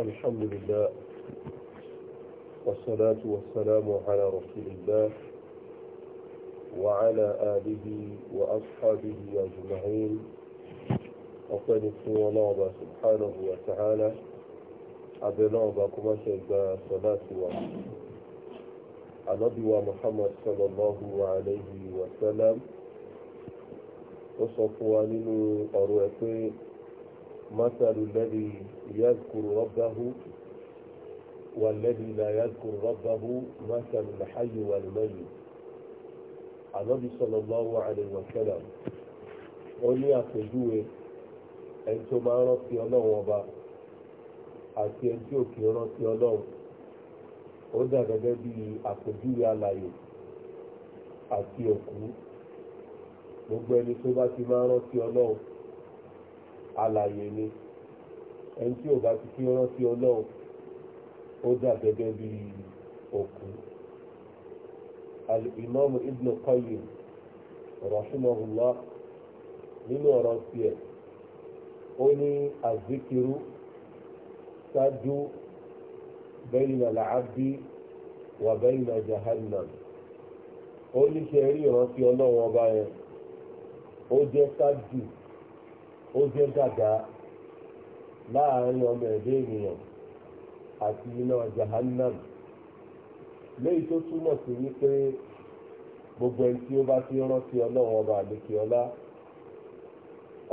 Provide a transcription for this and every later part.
الحمد لله والصلاة والسلام على رسول الله وعلى آله وأصحابه أجمعين ọpẹ́ ni fún ọlọ́ọ̀bà subhanahu wa ta'ala abẹ́lọ́ọ̀bà kó má ṣe gba sọ́láàtì wa ànábì wa muhammad sallallahu alayhi wa sallam ó sọ fún wa nínú ọ̀rọ̀ ẹ̀ pé مثل الذي يذكر ربه والذي لا يذكر ربه مثل الحي والميت النبي صلى الله عليه وسلم ó ní àpèjúwe ẹni tó máa rántí ọlọ́run ọba àti ẹni tí ò kì í rántí ọlọ́run ó dà gẹ́gẹ́ bí àpèjúwe alààyè àti òkú gbogbo ẹni tó bá ti máa rántí ọlọ́run alàyè ni ẹni tí ò bá ti fi rántí ọlọ́run ó dà gẹ́gẹ́ bí òkú al-imam ibn qayyim rahimahullah nínú ọ̀rọ̀ tiẹ̀ ó ní azikiru ṣáájú bẹ́yìnà làábí wà bẹ́yìnà jahannam ó ní ṣe rí ìrántí ọlọ́run ọba yẹn ó jẹ́ ṣáájú ó jẹ́ gàgà láàrin ọmọ ẹ̀dẹ́ ènìyàn àti iná jahannam léyìí tó túmọ̀ sí wípé gbogbo ẹni tí ó bá ti rántí ọlọ́run ọba àdékè ọlá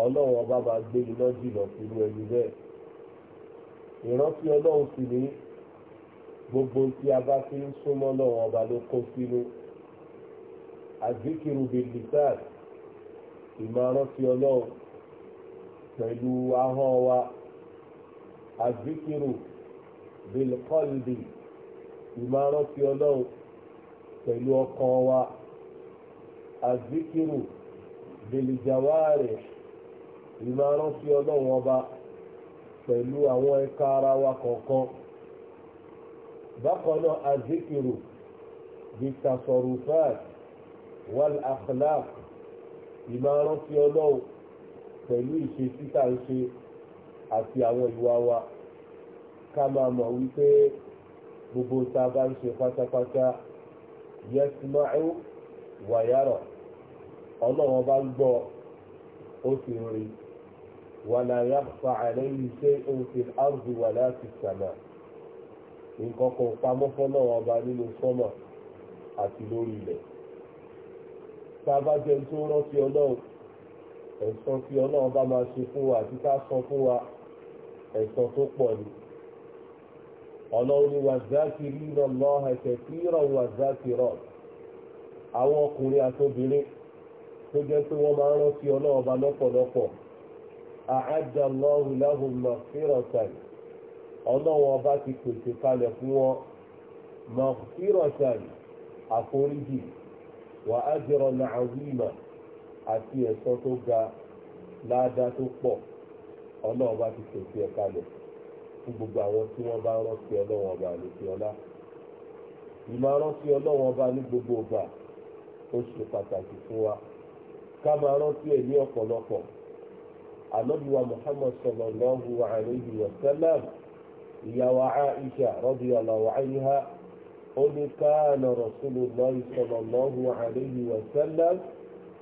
ọlọ́run ọba bá gbé iná jìnà sínú ẹni bẹ́ẹ̀ ìrántí ọlọ́run sì ní gbogbo tí a bá fi ń súnmọ́ ọlọ́run ọba ló kó sínú àdékèrú bíi lisan ìmọ̀ rántí ọlọ́run pẹ̀lú ahọ́n wa azikiru bilkọ́lbì ìmárọ́tì ọlọ́run pẹ̀lú ọkàn wa azikiru bilijawari ìmárọ́tì ọlọ́run ọba pẹ̀lú àwọn ẹ̀ka ara wa kọ̀ọ̀kan bákan náà azikiru bitasọ̀rùfáàt wàl àkàlà ọlọ́run pẹ̀lú ìṣe títà ń ṣe àti àwọn ìwà wa ká máa mọ̀ wípé gbogbo ta bá ń ṣe pátápátá yasma'u wa yara ọlọ́wọ́n bá ń gbọ́ ó sì ń rí wala yakhfa alayhi shay'un fil ardi wala fis sama nǹkan kan pamọ́ fọ́lọ́wọ́n ọba nínú sọ́mọ̀ àti lórí ilẹ̀ tá bá jẹun tó rántí ọlọ́run ẹ̀san tí ọlọ́run bá máa ṣe fún wa àti ká san fún wa ẹ̀san tó pọ̀ ni ọlọ́run ni wazakirina Allaha kathiran wazakirat àwọn ọkùnrin àtobìnrin tó jẹ́ pé wọ́n máa ń rántí ọlọ́run bá lọ́pọ̀lọpọ̀ a'adda Allahu lahum maghfiratan ọlọ́run ọba ti pèsè kalẹ̀ fún wọn maghfiratan àforíjì wa ajran 'azima àti ẹ̀san tó ga láàdá tó pọ̀ ọlọ́run bá ti pèsè ẹ̀ kalẹ̀ fún gbogbo àwọn tí wọ́n bá rántí ọlọ́run ọba àlejò ọlá ìmáa rántí ọlọ́run ọba ní gbogbo ọba ó ṣe pàtàkì fún wa ká máa rántí ẹ̀ ní ọ̀pọ̀lọpọ̀ ànábìwá muhammad sallallahu alayhi wa sallam ìyàwó aisha radiyallahu anha ó ní káàna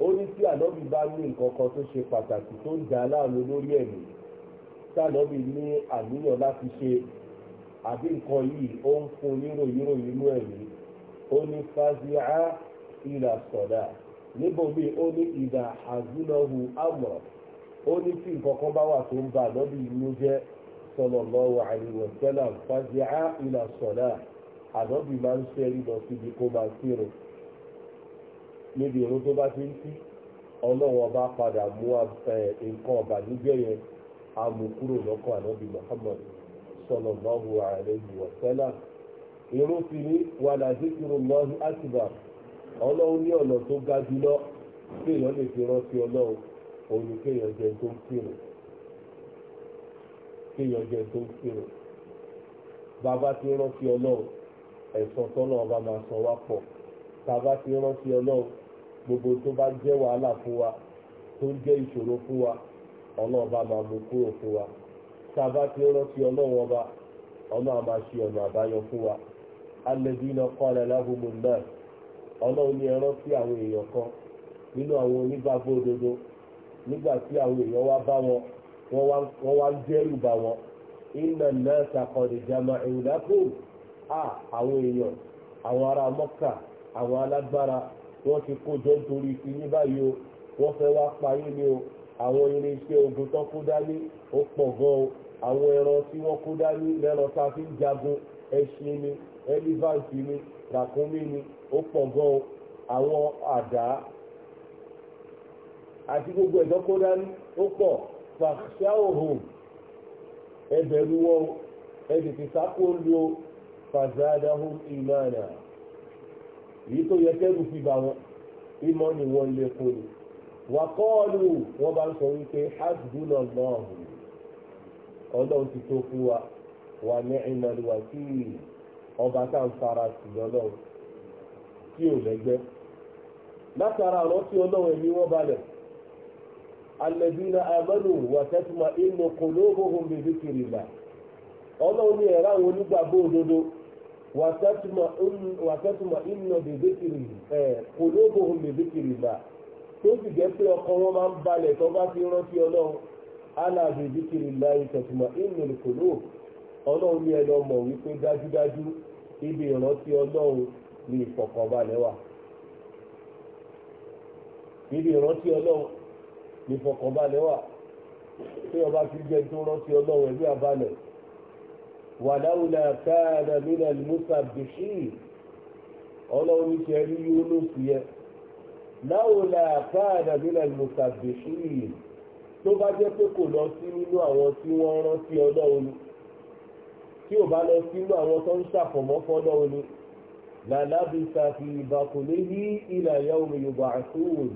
ó ní tí ànábì bá ní nǹkan kan tó ṣe pàtàkì tó ń dà láàmú lórí ẹ̀mí tí ànábì ní àníyàn láti ṣe àbí nǹkan yìí ó ń fún yíròyíròyìn inú ẹ̀mí ó ní fásíà ìlà sọ̀dà níbòmí ó ní ìdà àzúnáhu àmọ̀ ó ní tí nǹkan kan bá wà tó ń ba ànábì inú jẹ́ sallallahu alaihi wasallam fásíà ìlà sọ̀dà ànábì máa ń ṣẹ́rí lọ síbi kó máa kírun níbi ìrún tó bá ti ń kí ọlọ́wọ́ bá padà mú eh, nǹkan ọ̀bànújẹ́ yẹn amukuro lọ́kọ̀ ànábì Muhammad sallallahu alayhi wa sallam irun ti ní wàlá zikiru lọ́hí àtìbà ọlọ́run ní ọ̀nà tó ga jùlọ tí èèyàn lè fi rántí ọlọ́run òun kéèyàn jẹ tó ń kírun kéèyàn jẹ tó ń kírun bàbá ti rántí ọlọ́run ẹ̀sán tọ́lọ́ ọba máa san wá pọ̀ tàbá ti rántí ọlọ́run gbogbo tó bá jẹ́ wàhálà fún wa tó jẹ́ ìṣòro fún wa ọlọ́ọ̀ba máa mú kúrò fún wa tá a bá ti rántí ọlọ́wọ́ ọba ọlọ́ọ̀ máa ṣe ọ̀nà àbáyọ fún wa alẹ́bínà kọ́lẹ̀ láhùnmù náà ọlọ́run ní ẹran sí àwọn èèyàn kan nínú àwọn onígbàgbọ́ òdodo nígbà tí àwọn èèyàn wá bá wọn wọ́n ti kó jọ nítorí ti ní báyìí o wọ́n fẹ́ wá payé ni o àwọn irinṣẹ́ ogun tó kó dání ó pọ̀ gan o àwọn ẹran tí wọ́n kó dání lẹ́ran tá a fi ń jagun ẹṣin ni ẹlífàǹtì ni ràkúnmí ni ó pọ̀ gan o àwọn àdá àti gbogbo ẹ̀dọ́ kó dání ó pọ̀ fàṣà ẹbẹ̀rù wọn ẹ̀dìtì sákòó lu fàzádàhùn ìmáàna èyí tó yẹ kẹ́rù fi bà wọn ìmọ̀ ni wọ́n lè kó ni wà kọ́ọ̀lù wọ́n bá ń sọ wípé hasbuna allah ọlọ́run ti tó fún wa wà ní ìmọ̀lúwà tí ọba tá ń fara sí lọ́lọ́run tí ò lẹ́gbẹ́ látara rántí ọlọ́run ẹ̀mí wọ́n balẹ̀ alẹ́bínà amanu wà tẹ́tùmá inú kòlóòbó hùn bíbí kiri là ọlọ́run ní ẹ̀rọ àwọn onígbàgbọ́ òdodo. wàtẹ́tùmọ̀ ìnà bèbèkìrì ẹ̀ kòlóògùn bèbèkìrì là tó sì jẹ́ pé ọkàn wọn máa ń balẹ̀ tó bá rántí ọlọ́run ala bèbèkìrì la ìtẹ̀tùmọ̀ ìnà kòló ọlọ́run ní ẹlọ mọ̀ wípé dájúdájú ibi ìrántí ọlọ́run ní ìfọ̀kànbalẹ̀ wà ibi ìrántí ọlọ́run ní ìfọ̀kànbalẹ̀ wà ọba ti jẹ́ tó rántí ọlọ́run wàláwùlà káàdà nínà musa bìṣí ọlọ́run ní ṣe rí yónúsù yẹ láwùlà káàdà nínà musa bìṣí tó bá jẹ́ pé kò lọ sí nínú àwọn tí wọ́n rántí ọlọ́run tí ò bá lọ sínú àwọn tó ń ṣàfọ̀mọ́ fọ́lọ́run làlábìsà fi ìbàkùnléhí ilẹ̀ ẹ̀yà omi yorùbá àtúwòn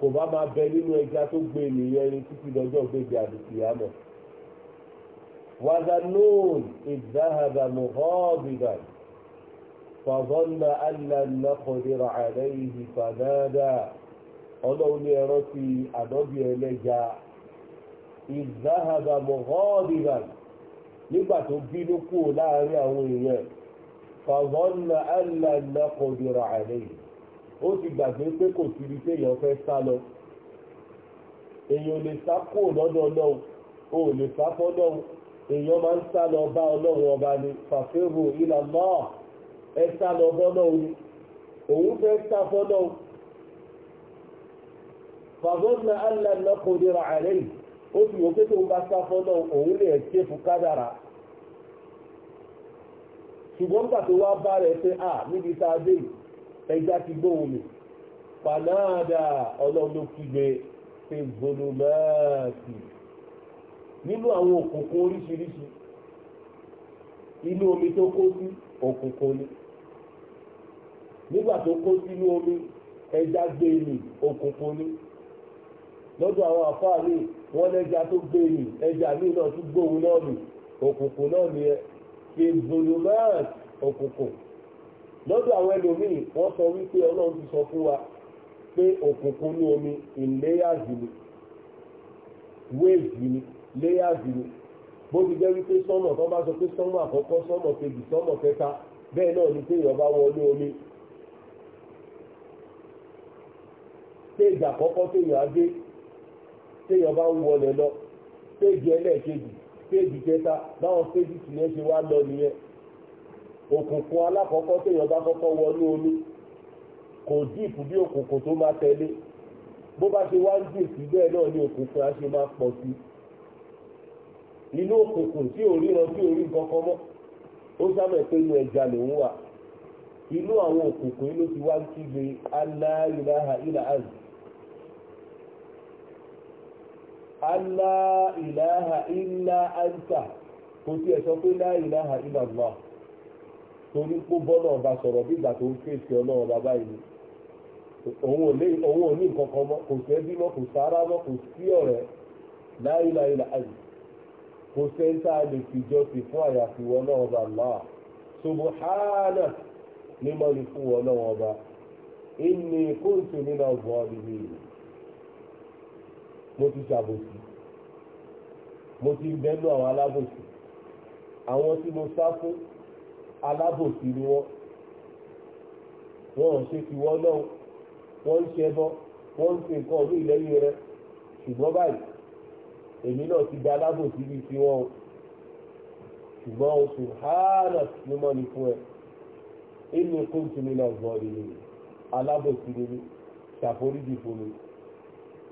kò bá máa bẹ nínú ẹja tó gbé ènìyàn ẹni títí lọ́jọ́ gbégbé àdìsí àmọ́ وذنون إذ ذهب مغاضبا فظن أن لن نقدر عليه فنادى ọlọ́run ní ẹ̀rọ ti àdọ́bí ẹlẹ́ja ìdáhàbà mọ̀gọ́ọ̀dìgbà nígbà tó bínú kú láàrin àwọn èèyàn fàvọ́nà alànàkọ̀dìrà àlẹ́ ó ti gbàgbé pé kò sí ibi téèyàn fẹ́ sá lọ èèyàn lè sá kó lọ́dọ̀ náà ó lè sá fọ́dọ̀ èèyàn máa ń sá lọ bá ọlọ́run ọba ni fàfẹ́rù ìlà náà ẹ sá lọ bọ́lọ́ ni òun fẹ́ sá fọ́lọ́ fàgọ́nà alàlọ́kọ̀ọ́dẹ́rà àárẹ̀ yìí ó fi wọ́n pé tó ń bá sá fọ́lọ́ òun lè ẹ̀ṣẹ́ fún kádàrà ṣùgbọ́n gbà wá bá rẹ̀ pé à níbi tá a dé ẹja ti gbóhùn mi fanáàdà ọlọ́run ló kígbe pé gbólómẹ́ẹ̀sì nínú àwọn òkùnkùn oríṣiríṣi inú omi tó kó sí òkùnkùn ni nígbà tó kó sínú omi ẹja gbé e ni òkùnkùn ni lọ́dọ̀ àwọn àfáà ní wọ́n lẹ́ja tó gbé e ni ẹja míì náà tún gbóhùn náà nì òkùnkùn náà ni ẹ fi zolomat òkùnkùn lọ́dọ̀ àwọn ẹlòmíì wọ́n sọ wípé ọlọ́run ti sọ fún wa pé òkùnkùn ní omi ìléyàzì ni wéèzì ni layers ni bó ti jẹ́ wípé sọ́mọ̀ tó bá sọ pé sọ́mọ̀ àkọ́kọ́ sọ́mọ̀ kejì sọ́mọ̀ kẹta bẹ́ẹ̀ náà ni pé ìyọba wọlé omi téèjì àkọ́kọ́ téèyàn adé téèyàn bá ń wọlé lọ téèjì ẹlẹ́ẹ̀kejì téèjì kẹta báwọn téèjì tì yẹn ṣe wá lọ nìyẹn òkùnkùn alákọ̀ọ́kọ́ téèyàn bá kọ́kọ́ wọlé omi kò díìpù bí òkùnkùn tó máa tẹ̀lé bó bá ṣe wá ń díìpù bẹ́ẹ̀ náà ni òkùnkùn á ṣe máa pọ̀ sí i. nínú òkùnkùn tí ò ríran tí ò rí kankan mọ́ ó sábẹ̀ pé inú ẹja lòún wà inú àwọn òkùnkùn ló ti wá kígbe aláìláha ilà aláìláha ilà kò sí sọ pé láìláha ilà torí pé bọ́lá ọba sọ̀rọ̀ bí ìgbà tó ń fèsì ọlọ́run bàbá yìí òun ò ní nǹkan kan kò sẹ́ńtà lè fìjọ sí fún àyàfi wọn náà ọba Allah subhana ní mọ́ni fún wọn náà ọba inni kuntu nínú ọgbọ̀n níbi ìlú mo ti ṣàbòsí mo ti bẹ́lú àwọn alábòsí àwọn tí mo sá fún alábòsí ni wọ́n wọ́n ṣe ti náà wọ́n ń ṣẹbọ wọ́n ń ṣe nǹkan ọdún ìlẹ́yìn rẹ ṣùgbọ́n báyìí èmi náà ti di alábòsí bíi tiwọn o ṣùgbọ́n oṣù hánà ló mọ́ ni fún ẹ inú kún tún nínú ọgbọ́n nínú alábòsí nínú ṣàforíjì fún mi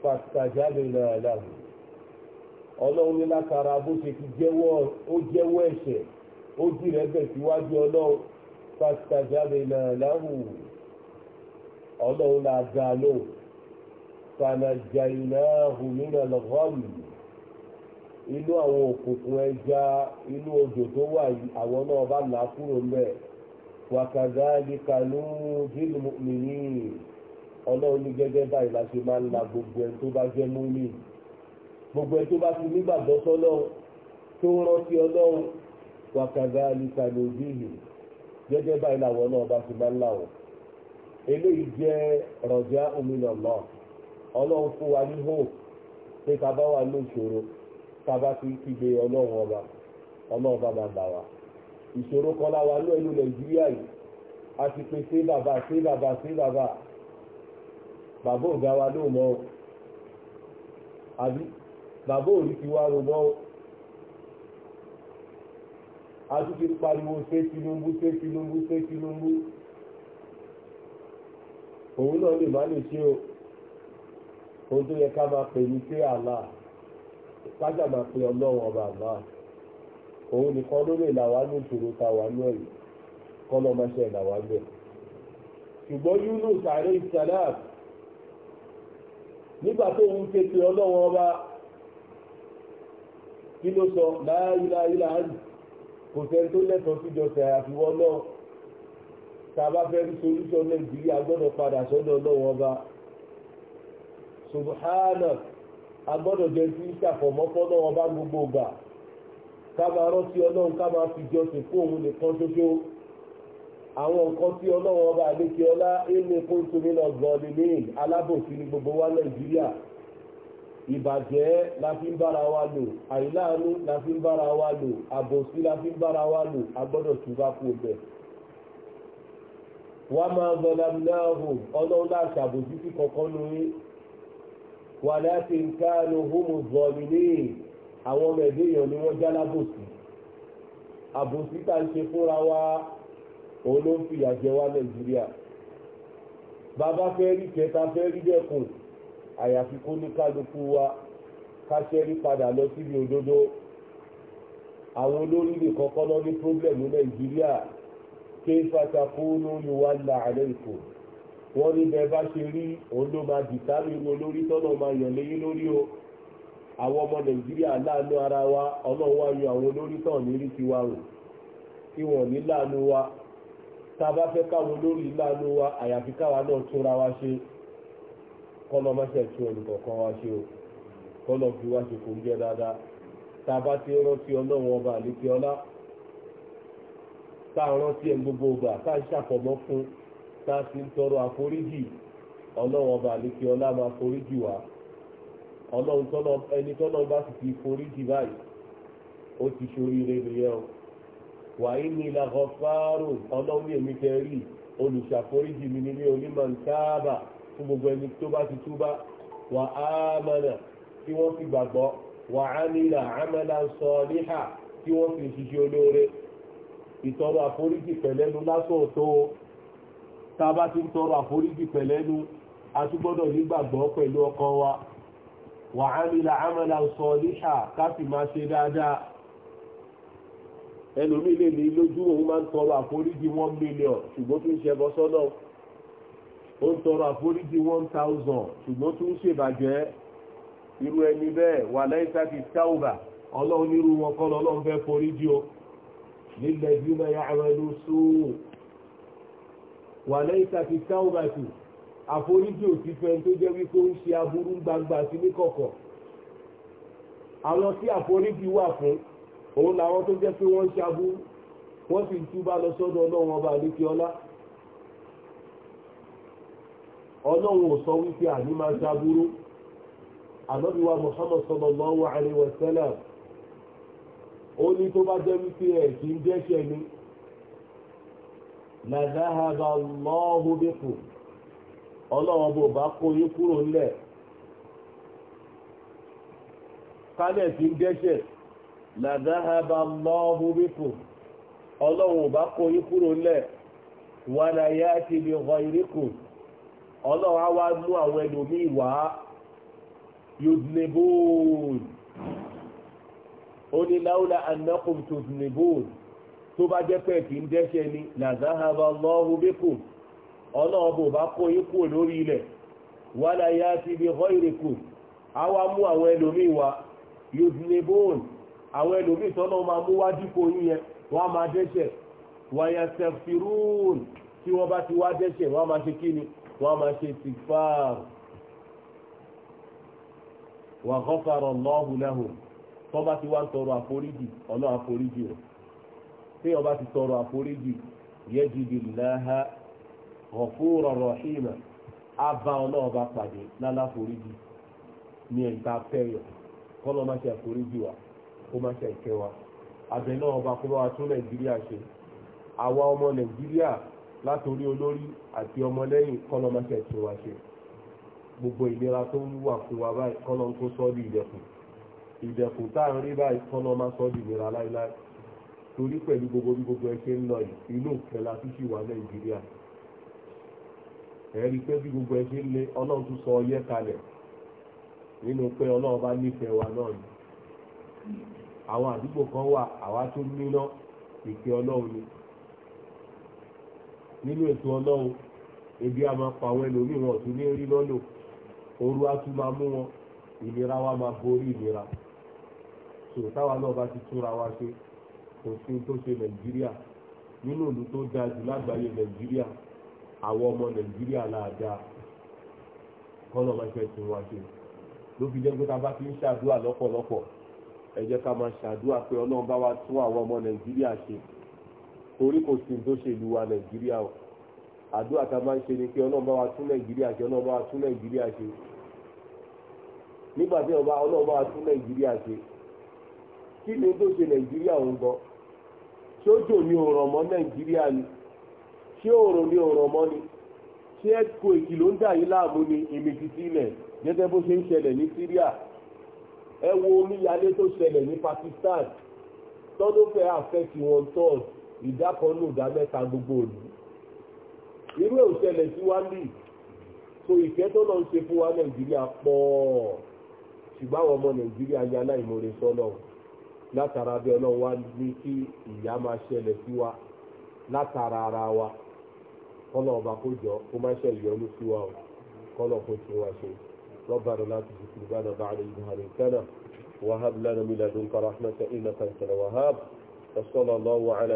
pàtàjáde náà láàbù ọlọ́run ní látara bó ṣe ti jẹ́wọ́ ó jẹ́wọ́ ẹ̀ṣẹ̀ ó jì rẹ̀ bẹ̀ síwájú ọlọ́run pàtàjáde náà láàbù ọlọ́run là dá lóhùn fànàjà ìnáhùn nínú ọlọ́run inú àwọn òkùnkùn ẹja inú odò tó wà àwọn náà bá là á kúrò mbẹ wàkàdá nìkanú jíìlì mìíní ọlọ́run ní gẹ́gẹ́ báyìí la ṣe máa ń la gbogbo ẹni tó bá jẹ́ gbogbo ẹni tó bá ti nígbàgbọ́ sọ́lọ́run tó rántí ọlọ́run wàkàdá nìkanú jíìlì gẹ́gẹ́ báyìí náà bá máa ń wọ́n eléyìí jẹ́ rọ̀jà omi lọ́lọ́ ọlọ́run fún wa ní pé ká tábà fi kígbe ọlọ́run ọba ọlọ́run bá máa bà wá ìṣòro kan láwa ló ìlú nàìjíríà yìí a ti pe sí bàbá sí bàbá sí bàbá bàbá ògá wa ló mọ o àbí bàbá òrí ti wá rògbọ́ o a tún ti pariwo ṣé Tinubu ṣé Tinubu ṣé Tinubu òun náà lè má lè ṣe o ohun tó yẹ ká máa pè ní ṣé Allah ìpájà máa pe ọlọ́run ọba àbá òun nìkan ló lè là wá ní ìṣòro ta wà ní ẹ̀yìn kọ́nà máa ṣe là wá bẹ̀. ṣùgbọ́n Yunus alayhi salam nígbà tó ń ké pe ọlọ́run ọba kí ló sọ láìláìlá kò sẹ́ni tó lẹ́tọ̀ọ́ síjọsẹ̀ àfiwọ́ náà tàbá fẹ́ rí solúṣọ́ nàìjíríà gbọ́dọ̀ padà sọ́dọ̀ ọlọ́run ọba subhanak a gbọ́dọ̀ jẹ́ sí ṣàfọ̀mọ́pọ́ náà wọn bá gbogbo gbà ká máa rántí ọlọ́run ká máa fi jọsìn fún òun nìkan ṣoṣo àwọn nǹkan tí ọlọ́run ọba àlékè ọlá ẹni kó lọ gan ni ní alábòsí ní gbogbo wa nàìjíríà ìbàjẹ́ la fi ń bára wa lò àìláàánú la fi ń bára wa lò àbòsí la fi ń bára wa lò a tún bá kú bẹ̀. wá máa gbọ́dọ̀ náà hù ọlọ́run láti àbòsí sí kankan lórí wà láti nkánu homo zọlìlì àwọn ọmọ ẹ̀dẹ́ èèyàn ni wọ́n jálábòsí àbòsí tá ń ṣe fúnra wa òun ló ń fìyà jẹ wá nàìjíríà bàbá fẹ́ rí kẹta fẹ́ rí dẹ́kun àyàfi kó ní kálukú wa káṣẹ́rí padà lọ síbi òdodo àwọn olórí lè kọ́kọ́ lọ ní pírọ́blẹ̀mù nàìjíríà kéfà takùnú yóò wá là àlẹ́ wọ́n ní bẹ́ẹ̀ bá ṣe rí òun ló máa dìtàmì irú olórí tọ́nà máa yàn léyìn lórí o àwọn ọmọ nàìjíríà láàánú ara wa ọlọ́run wá yan àwọn olórí tán nírí tiwa rò kí wọ́n ní láàánú wa tá a bá fẹ́ káwọn olórí láàánú wa àyàfi káwa náà túnra wa ṣe kọ́nà máṣe tún ẹnìkọ̀ọ̀kan wa ṣe o kọ́nà fi wá ṣe kò ń jẹ́ dáadáa tá a bá ti rántí ọlọ́run ọba àlékè ọlá tá a rántí ẹ gbogbo ọgbà tá a ṣàfọ̀mọ́ fún tá a sì ń tọrọ àforíjì ọlọ́run ọba àlékè ọlá máa foríjì wá ọlọ́run tọ́lọ ẹni tọ́lọ bá sì ti foríjì báyìí ó ti ṣoríire nìyẹn o wàyí ni làkọ̀fáàrò ọlọ́run ní èmi tẹ́ rí olùṣàforíjì mi nílé onímọ̀ nkáàbà fún gbogbo ẹni tó bá ti túbá wà á mọ̀nà tí wọ́n fi gbàgbọ́ wà á nílà àmàlà tí wọ́n fi ṣiṣẹ́ olóore ìtọ́rọ àforíjì pẹ̀lẹ́nu lásòótó tá a bá ti ń tọrọ àforíjì pẹ̀lẹ́nu a tún gbọ́dọ̀ nígbàgbọ́ pẹ̀lú ọkàn wa wà á nílà amala saliha ká sì máa ṣe dáadáa ẹlòmíì lè ní lójú òun máa ń tọrọ àforíjì one million ṣùgbọ́n tún ṣe ẹbọ sọ́nà ó ń tọrọ àforíjì one thousand ṣùgbọ́n tún ṣèbàjẹ́ irú ẹni bẹ́ẹ̀ wà lẹ́yìnká ti táwùbà ọlọ́run nírú wọn kọ́ lọ́lọ́run wà lẹ́yìn tàbí táwùbàtì àforíjì òtítọ́ ẹni tó jẹ́ wípé ó ń ṣe aburú gbangba sí ní kọ̀kọ̀ àwọn tí àforíjì wà fún òun làwọn tó jẹ́ pé wọ́n ń ṣe aburú wọ́n sì ń túbá lọ sọ́dọ̀ ọlọ́run ọba àlékè ọlá ọlọ́run ò sọ wípé àní máa ṣe aburú ànábìwá Muhammad sallallahu alaihi wasallam ó ní tó bá jẹ́ wípé ẹ̀ kì í jẹ́ṣẹ́ ni. làdáhàbà lọ́hùn bíkù ọlọ́wọ́ bò bá kó yín kúrò nílẹ̀ kálẹ̀ tí ń dẹ́ṣẹ̀ làdáhàbà lọ́hùn bíkù ọlọ́wọ́ bá kó yín kúrò nílẹ̀ wàlàyé àti ibi ọ̀họ̀ ìríkù ọlọ́wọ́ wá mú àwọn ẹlòmíì wá yudnibun ó ní tó bá jẹ́ pé kì í dẹ́ṣẹ̀ ni làzáhàbà lọ́hùn bíkù ọbọ̀ bá kó yín lórí ilẹ̀ láyé á ti bí họ ìrìkù àwa mú àwọn ẹlòmí wa yuznibun àwọn máa mú wá dípò yín yẹn máa dẹ́ṣẹ̀ tí wọ́n bá ti wá dẹ́ṣẹ̀ máa ṣe kíni máa ṣe tí ó bá ti tọrọ àforíjì yajidillaha ghafura rahima abá ọlọ́ọ̀bá pàdé lálàforíjì ní ẹ̀ka pẹ́yọ̀ kọ́lọ́ má àforíjì wa kó má ṣe wa àbẹ̀ ọba kó nàìjíríà ṣe àwa ọmọ nàìjíríà látòrí olórí àti ọmọ lẹ́yìn wa ṣe gbogbo ìlera tó ń wà fún wa báyìí ń kó ìdẹ̀kùn torí pẹ̀lú gbogbo bí gbogbo ẹ ṣe ń lọ inú ìfẹ́ la tún sì wà nàìjíríà ẹ̀rí pé bí gbogbo ẹ ṣe ń lé ọlọ́run tún sọ ọyẹ́ kalẹ̀ nínú pé ọlọ́run bá nífẹ̀ẹ́ wa náà ni àwọn àdúgbò kan wà àwa tó níná ìfẹ́ ọlọ́run ni nínú ètò ọlọ́run ebi a pa àwọn ẹlòmíì wọn tún ní rí lọ́lò ooru á tún máa mú wọn ìnira wa máa borí ìnira sòtáwa náà bá ti túnra wa ṣe. òfin tó ṣe nàìjíríà nínú ìlú tó dáa jù lágbàáyé nàìjíríà àwọn ọmọ nàìjíríà láàdáa kọ́nà máa ṣe tún wá ṣe ló fi jẹ́ pé bá fi ń ṣàdúrà lọ́pọ̀lọpọ̀ ẹ jẹ́ ká máa ṣàdúrà pé ọlọ́run bá wa tún ọmọ nàìjíríà ṣe torí kò sí tó ṣe ìlú wa nàìjíríà o àdúrà ká máa ń ṣe ni pé ọlọ́run bá wa tún nàìjíríà ṣe ọlọ́run bá wa tún nàìjíríà ṣe nígbà tí ọlọ́run bá wa tún nàìjíríà ṣe kí ni tó ṣe nàìjíríà òun ṣé òjò ni ọ̀rọ̀ mọ́ nàìjíríà ni ṣé òòrùn ni ọ̀rọ̀ mọ́ ni ṣé ẹ̀kọ́ èkì ló ń dà yín láàmú ni ìmìtìtì ilẹ̀ gẹ́gẹ́ bó ṣe ń ṣẹlẹ̀ ní Syria ẹ wo omíyalé tó ṣẹlẹ̀ ní Pakistan tọ́dún fẹ́ àfẹ́kì wọn tọ́ọ̀ ìdákanú ìdá mẹ́ta gbogbo òní irú ẹ̀ òṣẹlẹ̀ sí wá lì so ìfẹ́ tó lọ ń ṣe fún wa Nàìjíríà pọ̀ ṣùgbọ́n àwọn ọmọ Nàìjíríà yá láìmọ̀re látara bí ọlọ́run wá ní kí ìyà máa ṣẹlẹ̀ sí wa látara ara wa kọ́lọ̀ ọba kó jọ kó má ṣe ìyọnu sí wa o kọ́lọ̀ kó tún wa ṣe lọ́bàdàn láti fi kúrò bánà bá àlè ìhàn rẹ̀ kánà wàhábìlánà mílàdùn kọ́ra ahmed sa'id nàkàntàn wàhábì